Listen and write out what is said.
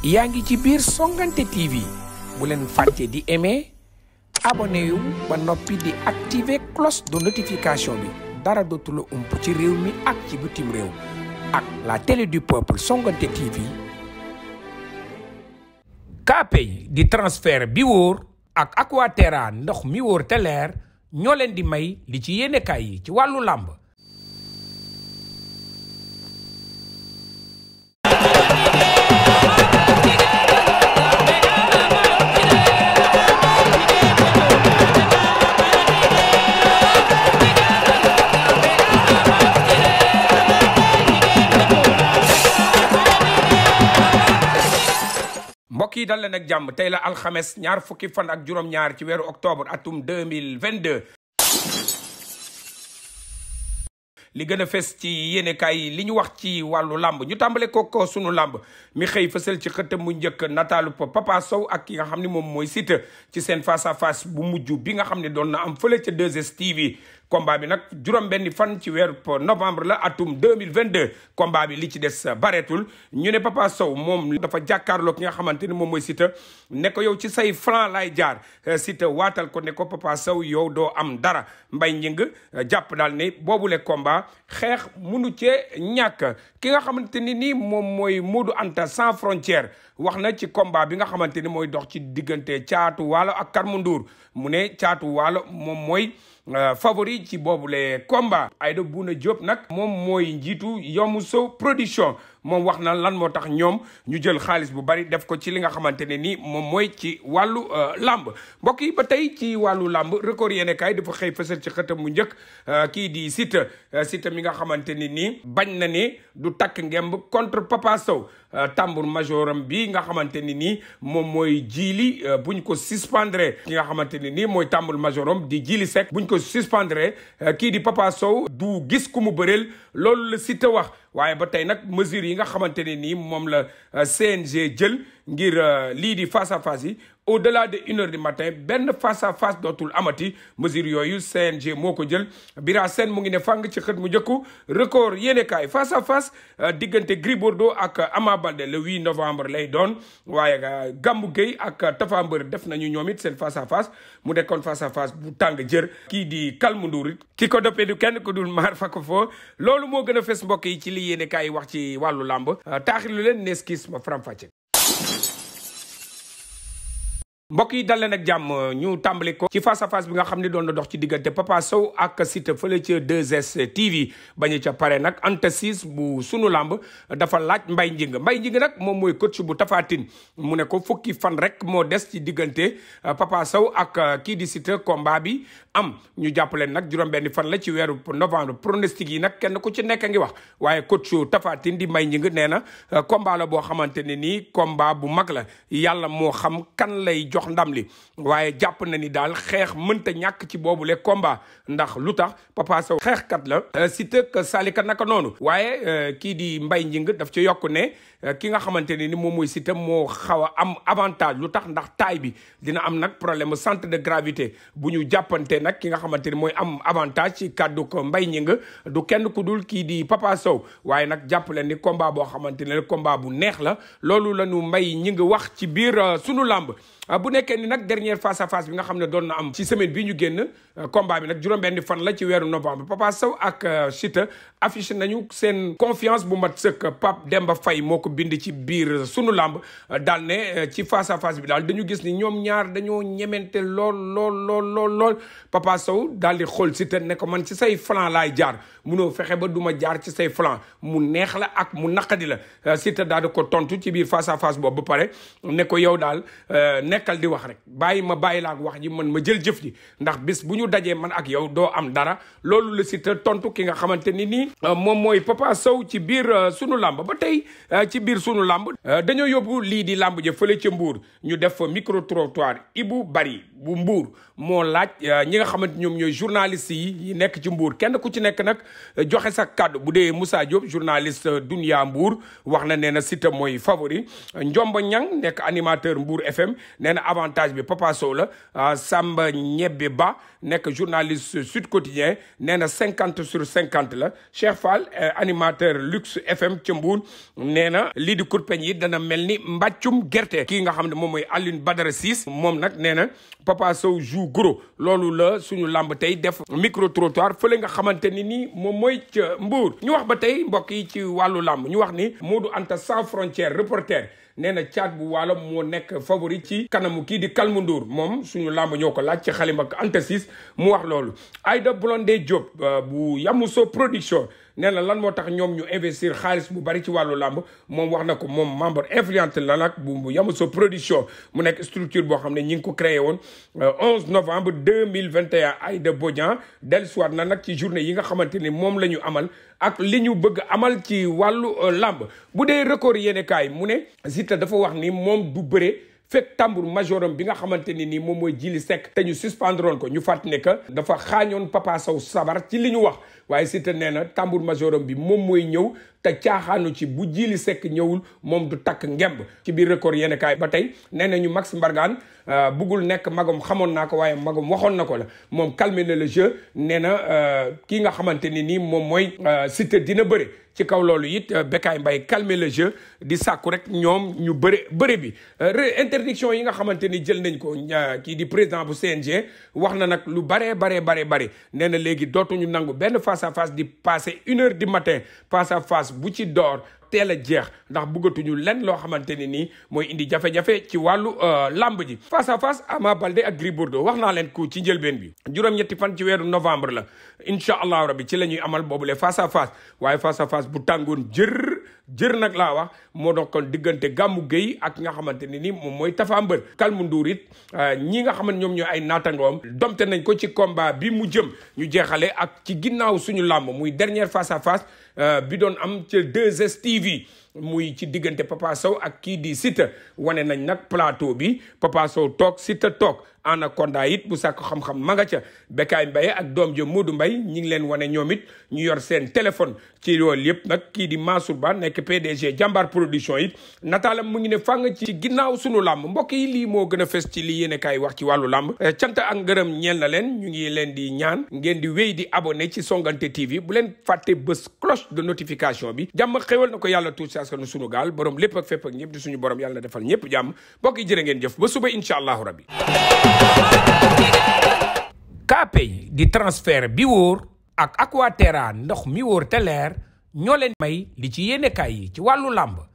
yaa ngi ci biir Songuanté TV bu leen fàtte di aimer abonné ba noppi di activer cloche de notification bi dara dootu la ump ci réew mi ak ci bitim réew ak la télé du peuple Songuanté TV. KPay di transfert bi wóor ak Aquaterra ndox mi wóor te ñoo leen di may li ci yéenekaay yi ci wàllu làmb kii yi dal leen ak jàmm tey la alxames ñaar fukki fan ak juróom-ñaar ci weeru octobre atum 2022 li gën a fes ci yéenekaay yi li ñu wax ci wàllu làmb ñu tàmbale ko ko sunu làmb mi xëy fësal ci xëtam mu njëkk nataalu Papa Sow ak ki nga xam ne moom mooy Siteu ci seen face à bu mujj bi nga xam ne doon na am fële ca 2STV combat bi nag juróom-benni fan ci weeru novembre la atum 2022 combat bi li ci des bareetul ñu ne Papa Sow moom dafa jàkkaarloo ki nga xamante ni moom mooy Siteu ne ko yow ci say franc laay jaar Siteu waatal ko ne ko Papa Sow yow doo am dara mbay njëng jàpp daal ne boobule komba xeex munu cee ñàkk ki nga xamante ni nii moom mooy Modou Anta sans frontière wax na ci combat bi nga xamante ni mooy dox ci diggante caatu waalo ak Karmu mu ne caatu waalo moom mooy Euh, favori ci boobu les combat Aïda Bouna Diop nag moom mooy njiitu Yomoussow production moom wax na lan moo tax ñoom ñu jël xaalis bu bari def ko ci li nga xamante ne nii moom mooy ci wàllu euh, làmb mbokk yi ba tey ci wàllu làmb record yéene kaay dafa xëy fësal ci xëtam bu njëkk euh, kii di Siteu euh, Siteu mi nga xamante ne nii bañ na ne du takk ngemb contre Papa Sow tambour majoram bi nga xamante ne nii moom mooy jiili buñ ko suspendre ki nga xamante ne nii mooy tambour majoram di jiili sec buñ ko suspendre kii di Papa Sow du gis ku mu bëreel loolu la Siteu wax waaye ba tey nag mesure yi nga xamante ne nii moom la euh, CNG jël ngir euh, lii di face à face yi au-delà de une heure du matin benn face à face dootul amati mesure yooyu CNG moo ko jël Bira seen mu ngi ne fang ci xët mu njëkku record yéene kaay face à face euh, diggante Gris Bordeaux ak amaa Baldé le 8 novembre lay doon waaye euh, Gambu Gueye ak Tapha Mbeur def nañu ñoom it seen face à face mu nekkoon face à face bu tàng jër kii di Kalmu Ndour it ki ko doppee du kenn ko dul maar fa ko loolu moo gën a fes mbokk yi ci li yéene kaay wax ci wàllu làmb euh, taaxir lu leen neeskis ma faram fàcce mbokk yi dal nag jàmm ñu tàmbali ko ci face à bi nga xam ne doon na dox ci diggante Papa Sow ak Siteu fële ci 2S TV bañu ca pare nag Anta bu sunu làmb dafa laaj mbay Ngingue Mbaye Ngingue nag moom mooy coach bu Tapha mu ne ko fukki fan rek moo des ci diggante euh, Papa Sow ak euh, kii di Siteu combat bi am ñu jàpp leen nag juróom-benni fan la ci weeru novembre pronostic yi nag kenn ku ci nekk ngi wax waaye coach Tapha Tine di mbay Ngingue neena na euh, la boo xamante ne nii combat bu mag la yàlla moo xam kan lay jox jox ndam li waaye jàpp na ni daal xeex mënta ñàkk ci le komba ndax lu tax Papa Sow xeexkat la euh, Siteu Salika naka noonu waaye euh, kii di Mbaye Ngingue daf ci yokk ne Euh, ki nga xamante ne ni moom mooy Siteu moo xaw a am avantage lu tax ndax taay bi dina am nag problème centre de gravité bu ñu jàppante nag ki nga xamante ni mooy am avantage ci kàddu ko mbay ñi nga du kenn ku dul kii di Papa Sow waaye nag jàpp leen ni combat boo xamante ne combat bu neex la loolu la ñu mbay ñi nga wax ci biir euh, sunu làmb euh, bu nekkee ni nag dernière face à face bi nga xam ne doon na am ci semaine bi ñu génn combat bi nag juróom-benn fan la ci weeru novembre Papa Sow ak Siteu affiché nañu seen confiance bu mat sëkk Pape Demba Faye moo ko bind ci biir sunu làmb daal ne euh, ci face à bi daal dañu gis ni ñoom ñaar dañoo ñemente lool lool lool lool lool Papa Sow daal di xool sita te ne ko man ci say flanc laay jaar munoo fexe ba duma jaar ci say flanc mu neex la ak mu naqadi la euh, si te daal di ko tontu ci biir face à boobu ba pare ne ko yow daal euh, nekkal di wax rek bàyyi ma bàyyi la wax ji man ma jël jëf ji ndax bis bu ñu dajee man ak yow doo am dara loolu la si tontu ki nga nii moom mooy Papa Sow ci biir sunu làmb euh, dañoo yóbbu lii di làmb ja fële ci mbuur ñu def fa micro trottoir Ibou Bari bu mbuur moo laaj euh, ñi nga xamante ñoom ñooy journaliste yi nekk ci mbuur kenn ku ci nekk nag euh, joxe sa kaddu bu dee musa Diop journaliste Dunia Mbour wax na nee na Siteu mooy favori Njomba Ñang nekk animateur Mbour FM nee na avantage bi Papa Sow la Samba Ñebbe Ba nekk journaliste Sud Quotidien nee na cinquante sur cinquante la Cheikh Fall animateur Luxe FM ci Mbour nee lii di kurpeñ yi dana mel ni mbàccum gerte kii nga xam ne moom mooy Alioune Badara Ciss moom nag nee na Papa Sow joue gros loolu la suñu làmb tey def micro trottoir fële nga xamante ni nii moom mooy ca Mbour ñu wax ba tey mbokk yi ci wàllu làmb ñu wax ni Modou Anta sans frontière reporter nee na caat bu waalo moo nekk favori ci kanamu kii di Kalmu Ndour moom suñu làmb ñoo ko laaj ci xalima ak antesis mu wax loolu de Blondé Diop euh, bu Yamuso production nee na lan moo tax ñoom ñu investir xaalis bu bari ci wàllu làmb moom wax na ko moom membre influente la nag bu Yamuso production mu nekk structure boo xam ne ñi ngi ko créé woon 11 euh, novembre de Aïda Bodian dellusiwaat na nag ci journée yi nga xamante ni moom la ñu amal ak li ñu bëgg amal ci wàllu euh, làmb bu dee record yéene kaay mu ne Siteu dafa wax ni moom du bëre fekk tambour majorom bi nga xamante ni nii moom mooy jiili sekk te ñu suspendroon ko ñu fàtt ne que dafa xaañoon Papa Sow sabar ci li ñu wax waaye Siteu nee na tambour majoram bi moom mooy ñëw te caaxaanu ci bu Jili sekk ñëwul moom du takk ngemb ci biir record yenn kaay ba tey nee ñu Max Mbargane euh, bugul nekk magom xamoon naa ko waaye magom waxoon na ko la moom calmer na le jeu nee na euh, kii nga xamante ni nii moom mooy euh, Siteu dina bëre ci kaw loolu it euh, Bécaye mbay calmer le jeu di sàkku rek ñoom ñu bëre bëre bi euh, interdiction yi nga xamante ni jël nañ ko kii di président bu CNG wax na nag lu baree baree baree bare nee na léegi dootuñu nangu benn face à face di passer une heure du matin face à face bu ci door teel a jeex ndax bëggatuñu lenn loo xamante ne nii mooy indi jafe-jafe ci wàllu euh, lamb ji face à face Ama Baldé ak Gris Bordeaux wax naa leen ko ci njëlbeen bi juróom-ñetti fan ci weeru novembre la incha allahu rabi ci la ñuy amal boobule face à face waaye face à face bu tàngoon jër jër nag laa wax moo doon kon diggante gàmmu géy ak nga xamante ne ni moom mooy Tapha Mbeur kalmu nduur it euh, ñi nga xamante ñoom ñooy ay naatangoom domte nañ ko ci combat bi mu jëm ñu jeexale ak ci ginnaaw suñu làmb muy dernière face à euh, bi doon am ci 2 TV muy ci diggante Papa Sow ak kii di Siteu wane nañ nag plateau bi Papa Sow toog Siteu toog Anaconda it bu sàkk xam-xam ma nga ca Bécaye Mbaye ak doom ja Modou Mbaye ñi ngi leen wane ñoom it ñu yor seen téléphone ci loolu yépp nag kii di Mansour Ba nekk PDG Jambar Production it nataalam mu ngi ne fang ci ginnaaw sunu làmb mbokk yi lii moo gën a fes ci lii yéen kaay wax ci wàllu làmb eh, cant ak ngërëm ñeel na leen ñu ngi leen di ñaan ngeen di wéy di abonné ci Songuanté TV bu leen fàtte bés cloche de notification bi jàmm askanu sunu gaal borom lépp ak fépp ak suñu borom yàlla na defal ñëpp jàmm mbokk yi jërë ngeen jëf ba suba incha allahu rabbi Kpay di transfert bi woor ak Aquaterra ndox mi woor te leer ñoo leen may di ci yéenekaay yi ci wàllu làmb